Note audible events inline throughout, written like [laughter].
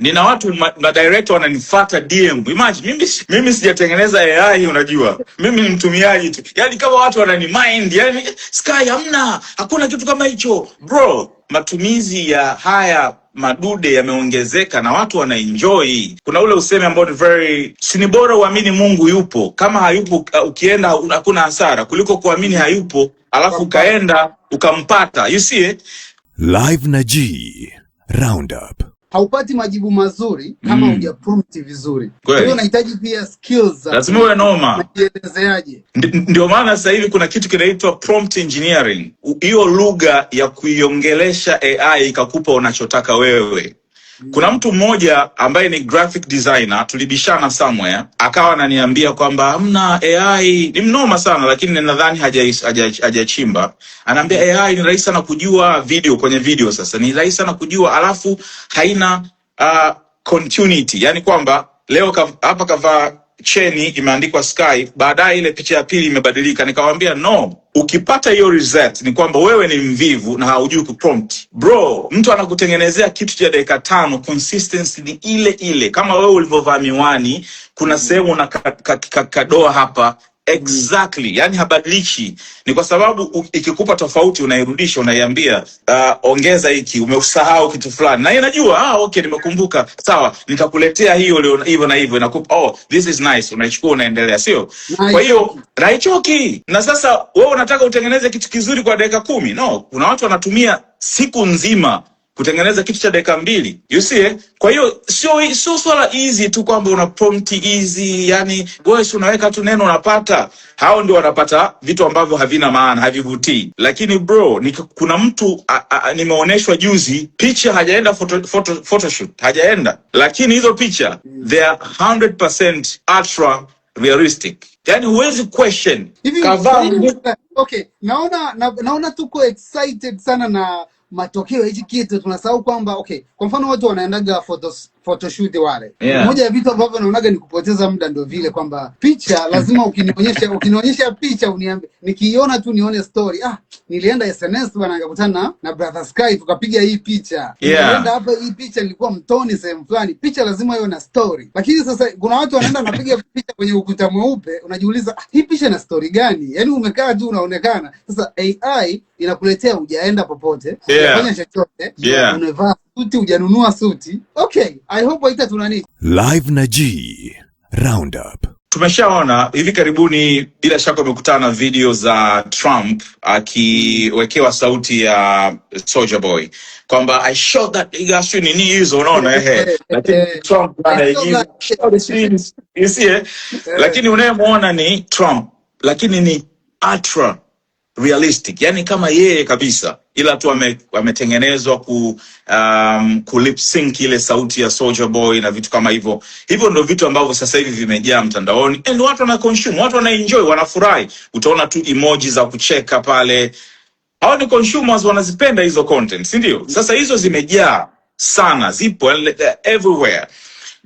nina watu madirekta wananifuata DM. Imagine mimi mimi sijatengeneza AI, unajua mimi ni mtumiaji tu, yaani kama watu wanani mind, yani Sky, hamna hakuna kitu kama hicho bro. Matumizi ya haya madude yameongezeka na watu wanaenjoy. Kuna ule usemi ambao ni very si ni bora uamini Mungu yupo, kama hayupo uh, ukienda hakuna hasara kuliko kuamini hayupo alafu ukaenda ukampata. You see eh? Live na G Roundup haupati majibu mazuri kama mm. uja prompt vizuri. Kwa hiyo unahitaji pia skills za lazima uwe noma, unajielezeaje? Ndio maana sasa hivi kuna kitu kinaitwa prompt engineering, hiyo lugha ya kuiongelesha AI ikakupa unachotaka wewe. Kuna mtu mmoja ambaye ni graphic designer, tulibishana somewhere, akawa ananiambia kwamba hamna AI ni mnoma sana, lakini nadhani hajachimba anaambia AI ni rahisi sana kujua video kwenye video. Sasa ni rahisi sana kujua, alafu haina uh, continuity, yani kwamba leo hapa kavaa cheni imeandikwa Sky, baadaye ile picha ya pili imebadilika. nikawambia no, ukipata hiyo result ni kwamba wewe ni mvivu na haujui kuprompt. Bro, mtu anakutengenezea kitu cha dakika tano, consistency ni ile ile. Kama wewe ulivyovaa miwani, kuna sehemu na kadoa ka, ka, ka hapa exactly, yani habadilishi. Ni kwa sababu ikikupa tofauti unairudisha, unaiambia uh, ongeza hiki, umeusahau kitu fulani, na inajua ah, okay, nimekumbuka, sawa, nitakuletea hiyo leo, hivyo na hivyo, inakupa oh, this is nice, unaichukua unaendelea, sio nice. Kwa hiyo raichoki, Na sasa wewe unataka utengeneze kitu kizuri kwa dakika kumi? No, kuna watu wanatumia siku nzima kutengeneza kitu cha dakika mbili you see. Eh? Kwa hiyo sio sio swala easy tu kwamba una prompt easy, yani wewe si unaweka tu neno unapata. Hao ndio wanapata vitu ambavyo havina maana, havivutii. Lakini bro ni, kuna mtu nimeoneshwa juzi picha hajaenda photo, photo, photoshoot hajaenda, lakini hizo picha they are 100% ultra realistic, yani huwezi question. Okay, naona na, naona tuko excited sana na matokeo ya hichi kitu tunasahau kwamba okay, kwa mfano watu wanaendaga for those photoshoot wale yeah. Moja ya vitu ambavyo naonaga ni kupoteza muda ndio vile kwamba picha lazima ukinionyesha ukinionyesha picha uniambe, nikiiona tu nione story. Ah, nilienda SNS bwana, nikakutana na brother Sky tukapiga hii picha yeah. Nilienda hapa hii picha, nilikuwa mtoni sehemu fulani, picha lazima iwe na story. Lakini sasa kuna watu wanaenda wanapiga [laughs] picha kwenye ukuta mweupe, unajiuliza ah, hii picha na story gani? Yani umekaa tu unaonekana. Sasa AI inakuletea, ujaenda popote, hujafanya yeah. chochote yeah. unevaa suti hujanunua suti. Okay, I hope waita nini. Live na G Roundup. Tumeshaona hivi karibuni, bila shaka umekutana na video za Trump akiwekewa sauti ya Soja Boy kwamba I shot that nigga, sio nini hizo, unaona ehe, [laughs] lakini eh, eh. Trump eh, anaigiza lakini unayemwona ni Trump, lakini ni atra realistic, yani kama yeye kabisa, ila tu ametengenezwa ku, um, ku lip sync ile sauti ya Soldier Boy na vitu kama hivyo. Hivyo ndio vitu ambavyo sasa hivi vimejaa mtandaoni and watu wana consume, watu wana enjoy, wanafurahi. Utaona tu emoji za kucheka pale, hao ni consumers, wanazipenda hizo content, si ndio? Sasa hizo zimejaa sana, zipo everywhere.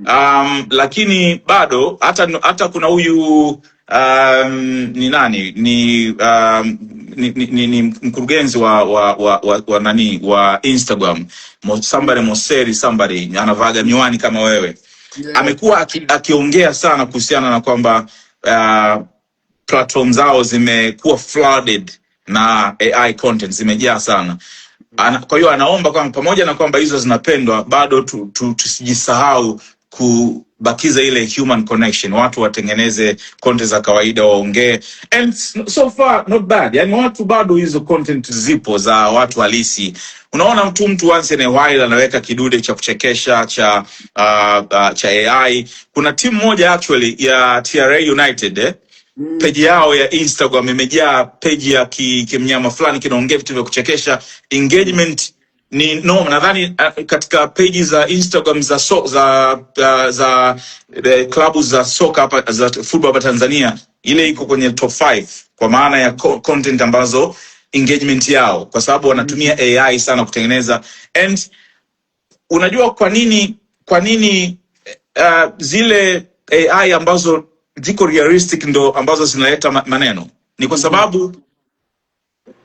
Um, lakini bado hata hata kuna huyu um, ni nani ni, um, ni, ni, ni, ni mkurugenzi wa wa, wa, wa, wa nani wa Instagram somebody Moseri somebody anavaga miwani kama wewe yeah. Amekuwa aki, akiongea sana kuhusiana na kwamba uh, platform zao zimekuwa flooded na AI content zimejaa sana ana, kwa hiyo anaomba kwamba pamoja na kwamba hizo zinapendwa bado tusijisahau tu, tu, kubakiza ile human connection, watu watengeneze content za kawaida waongee, and so far not bad. Yani watu bado hizo content zipo za watu halisi. Unaona mtu mtu once in a while anaweka kidude cha kuchekesha cha uh, uh, cha AI. Kuna timu moja actually ya TRA United eh? Mm. Peji yao ya Instagram imejaa peji ya kimnyama ki fulani kinaongea vitu vya kuchekesha engagement ni no, nadhani eh, katika peji za Instagram za so, za za, za eh, klabu za soka hapa za football hapa Tanzania, ile iko kwenye top 5 kwa maana ya content ambazo engagement yao, kwa sababu wanatumia AI sana kutengeneza. And unajua kwa nini kwa nini uh, zile AI ambazo ziko realistic ndo ambazo zinaleta maneno, ni kwa mhm. sababu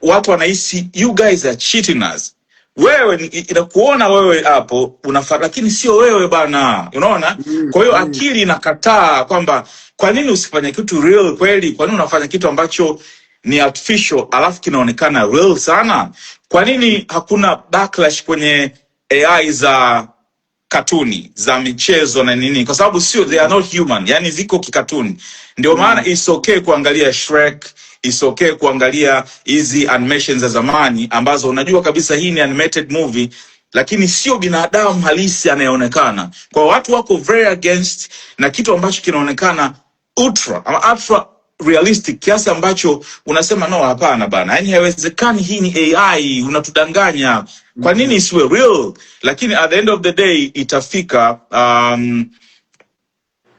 watu wanahisi you guys are cheating us wewe inakuona wewe hapo unafaa, lakini sio wewe bana, unaona. Mm, kwa hiyo mm. akili inakataa kwamba kwa nini usifanye kitu real kweli? Kwa nini unafanya kitu ambacho ni artificial alafu kinaonekana real sana? Kwa nini hakuna backlash kwenye AI za katuni za michezo na nini? Kwa sababu sio, they are not human, yani ziko kikatuni. Ndio mm. maana it's okay kuangalia Shrek isokee kuangalia hizi animations za zamani ambazo unajua kabisa hii ni animated movie lakini sio binadamu halisi anayeonekana. Kwa watu wako very against na kitu ambacho kinaonekana ultra ama ultra realistic kiasi ambacho unasema no, hapana bana, yaani haiwezekani, hii ni AI, unatudanganya. Kwa nini mm-hmm. isiwe real? Lakini at the end of the day itafika. Um,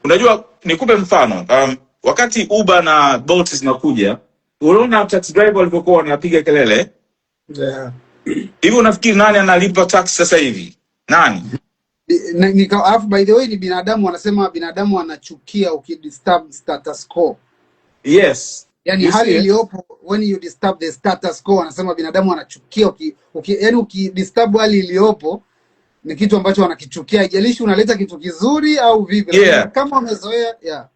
unajua nikupe mfano um, wakati Uber na Bolt zinakuja unaona tax driver walivyokuwa wanapiga kelele hivi yeah. Unafikiri nani analipa tax sasa hivi? Nani? Ni afu by the way ni binadamu, wanasema binadamu anachukia ukidisturb status quo. Yes. Yani yes, hali iliyopo yes. When you disturb the status quo, wanasema binadamu anachukia uki, uki, yani ukidisturb hali iliyopo ni kitu ambacho wanakichukia, ijalishi unaleta kitu kizuri au vipi. Yeah. Kama wamezoea yeah.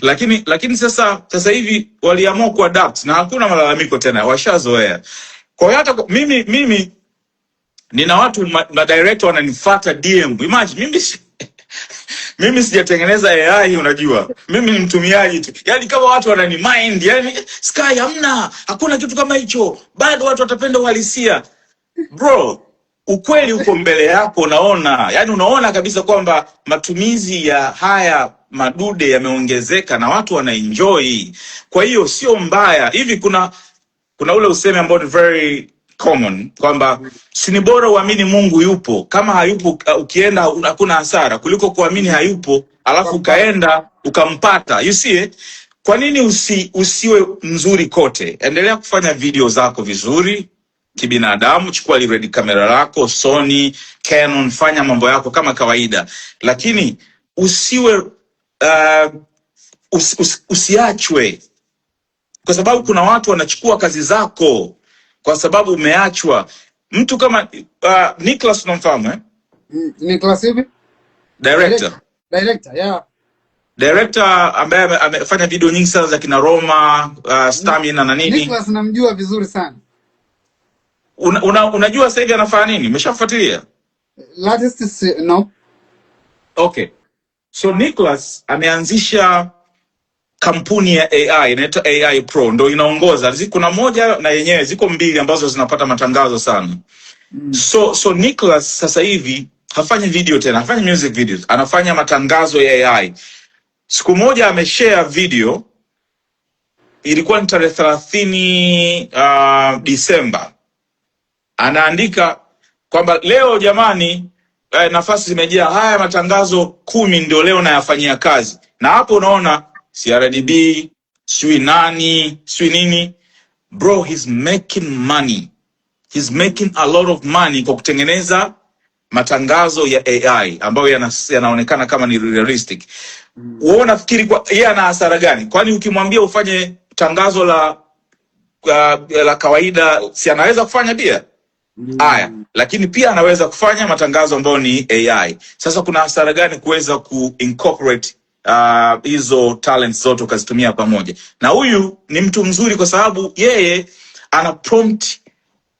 Lakini lakini sasa sasa hivi waliamua kuadapt na hakuna malalamiko tena, washazoea. Kwa hiyo hata mimi mimi nina watu madirekta wananifuata DM. Imagine mimi si, [laughs] mimi sijatengeneza AI, unajua mimi ni mtumiaji tu. Yani kama watu wanani mind, yani Sky, hamna, hakuna kitu kama hicho, bado watu watapenda uhalisia. Bro, ukweli uko mbele yako, unaona, yani unaona kabisa kwamba matumizi ya haya madude yameongezeka na watu wanaenjoy. Kwa hiyo sio mbaya hivi. Kuna kuna ule usemi ambao ni very common kwamba si ni bora uamini Mungu yupo, kama hayupo uh, ukienda hakuna hasara, kuliko kuamini hayupo alafu ukaenda ukampata. You see eh? Kwa nini usi, usiwe mzuri kote? Endelea kufanya video zako vizuri kibinadamu, chukua ile red camera lako Sony, Canon, fanya mambo yako kama kawaida, lakini usiwe uh, ehm, us, us, usiachwe kwa sababu kuna watu wanachukua kazi zako kwa sababu umeachwa. Mtu kama uh, Nicholas unamfahamu eh? Nicholas hivi director director yeah director ambaye amefanya video nyingi sana za kina Roma uh, Stamina na nini. Nicholas namjua vizuri sana. Una, una, unajua sasa hivi anafanya nini? Umeshafuatilia latest? No. Okay. So Nicholas ameanzisha kampuni ya AI inaitwa AI Pro, ndo inaongoza. Kuna moja na yenyewe ziko mbili ambazo zinapata matangazo sana mm. So, so Nicholas sasa hivi hafanyi video tena, hafanyi music videos, anafanya matangazo ya AI. Siku moja ameshare video, ilikuwa ni tarehe thelathini uh, ah, Disemba, anaandika kwamba leo jamani eh, nafasi zimejaa. Haya matangazo kumi ndio leo nayafanyia kazi, na hapo unaona CRDB sijui nani sijui nini, bro he's making money, he's making a lot of money kwa kutengeneza matangazo ya AI ambayo yanaonekana kama ni realistic. Wewe unafikiri kwa yeye ana hasara gani? Kwani ukimwambia ufanye tangazo la, la, uh, la kawaida si anaweza kufanya pia? Haya, mm. lakini pia anaweza kufanya matangazo ambayo ni AI. Sasa kuna hasara gani kuweza ku incorporate uh, hizo talents zote ukazitumia pamoja? Na huyu ni mtu mzuri kwa sababu yeye ana prompt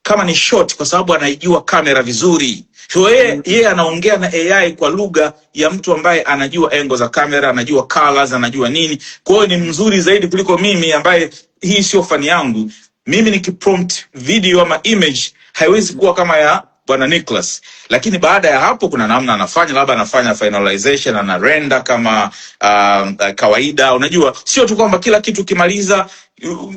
kama ni short, kwa sababu anaijua kamera vizuri. So yeye ye anaongea na AI kwa lugha ya mtu ambaye anajua engo za kamera, anajua colors, anajua nini. Kwa hiyo ni mzuri zaidi kuliko mimi ambaye hii sio fani yangu. Mimi nikiprompt video ama image haiwezi kuwa kama ya bwana Nicholas, lakini baada ya hapo kuna namna anafanya, labda anafanya finalization, ana render kama uh, kawaida. Unajua, sio tu kwamba kila kitu kimaliza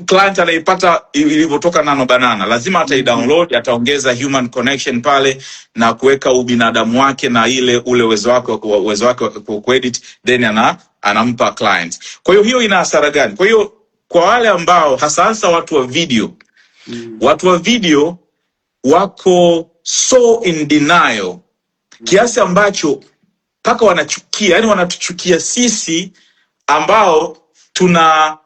client anaipata ilivyotoka Nano Banana, lazima ataidownload, mm-hmm. ataongeza human connection pale na kuweka ubinadamu wake na ile ule uwezo wake uwezo wake wa kuedit, then ana anampa client. Kwa hiyo hiyo ina hasara gani? Kwa hiyo kwa wale ambao hasa hasa watu wa video, mm. watu wa video wako so in denial mm. kiasi ambacho mpaka wanachukia, yani wanatuchukia sisi ambao tuna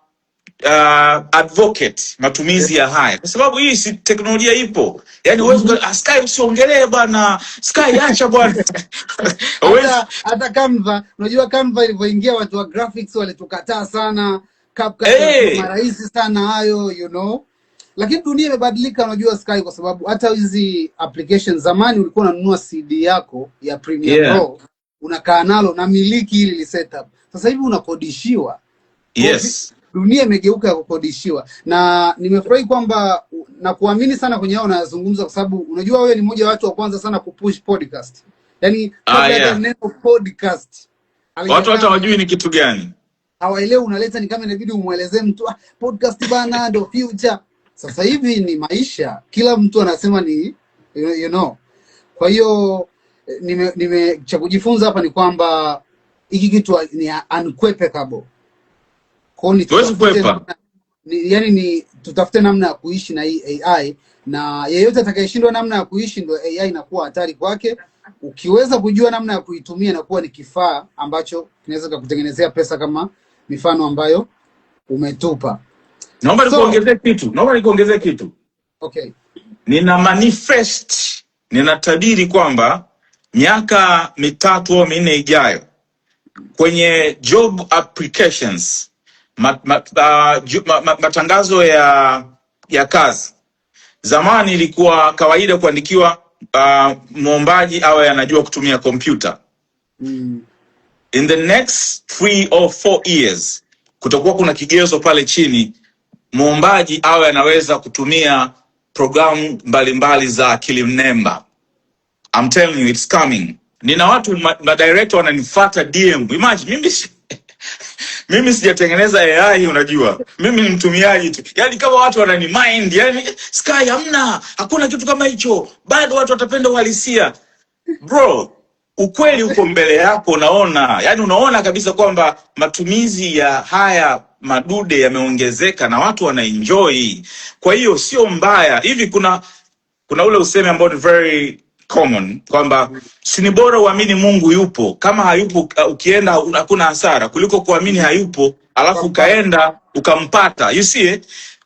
uh, advocate matumizi yeah, ya haya kwa sababu hii si teknolojia ipo, yani mm -hmm. Sky usiongelee bwana, Sky acha bwana [laughs] [laughs] hata, hata Canva, unajua Canva ilivyoingia watu wa graphics walitukataa sana, CapCut hey, marahisi sana hayo you know lakini dunia imebadilika, unajua Sky, kwa sababu hata hizi application zamani ulikuwa unanunua CD yako ya Premiere yeah. Pro unakaa nalo na miliki hili setup. Sasa hivi unakodishiwa. Yes. Dunia imegeuka ya kukodishiwa, na nimefurahi kwamba na kuamini sana kwenye hao unayozungumza, kwa sababu unajua wewe ni mmoja wa watu wa kwanza sana kupush podcast, yani ah, yeah. neno podcast watu hata wajui ni kitu gani, hawaelewi. Unaleta ni kama inabidi umwelezee mtu ah, podcast bana ndo future sasa hivi ni maisha, kila mtu anasema ni you know. Kwa hiyo nime, nime cha kujifunza hapa ni kwamba hiki kitu ni unquepable. Kwa tutafute namna, ni, yani ni tutafute namna ya kuishi na hii AI na yeyote atakayeshindwa namna ya kuishi ndio AI inakuwa hatari kwake. Ukiweza kujua namna ya kuitumia inakuwa ni kifaa ambacho kinaweza kukutengenezea pesa kama mifano ambayo umetupa. Naomba nikuongezee kitu, naomba nikuongezee kitu. Okay. Nina manifest, ninatabiri kwamba miaka mitatu au minne ijayo kwenye job applications mat, mat, uh, ju, mat, matangazo ya ya kazi. Zamani ilikuwa kawaida kuandikiwa uh, mwombaji awe anajua kutumia kompyuta mm. In the next three or four years kutakuwa kuna kigezo pale chini muombaji awe anaweza kutumia programu mbalimbali za akili mnemba. I'm telling you it's coming. Nina watu madirekta wananifuata DM. Imagine mimi si [laughs] mimi sijatengeneza AI, unajua mimi ni mtumiaji tu, yaani kama watu wanani mind, yani sky hamna, hakuna kitu kama hicho, bado watu watapenda uhalisia bro. Ukweli uko mbele yako, unaona, yani unaona kabisa kwamba matumizi ya haya madude yameongezeka na watu wanaenjoy. Kwa hiyo sio mbaya hivi. Kuna kuna ule usemi ambao ni very common kwamba si ni bora uamini Mungu yupo, kama hayupo uh, ukienda hakuna hasara, kuliko kuamini hayupo alafu ukaenda ukampata. You see it?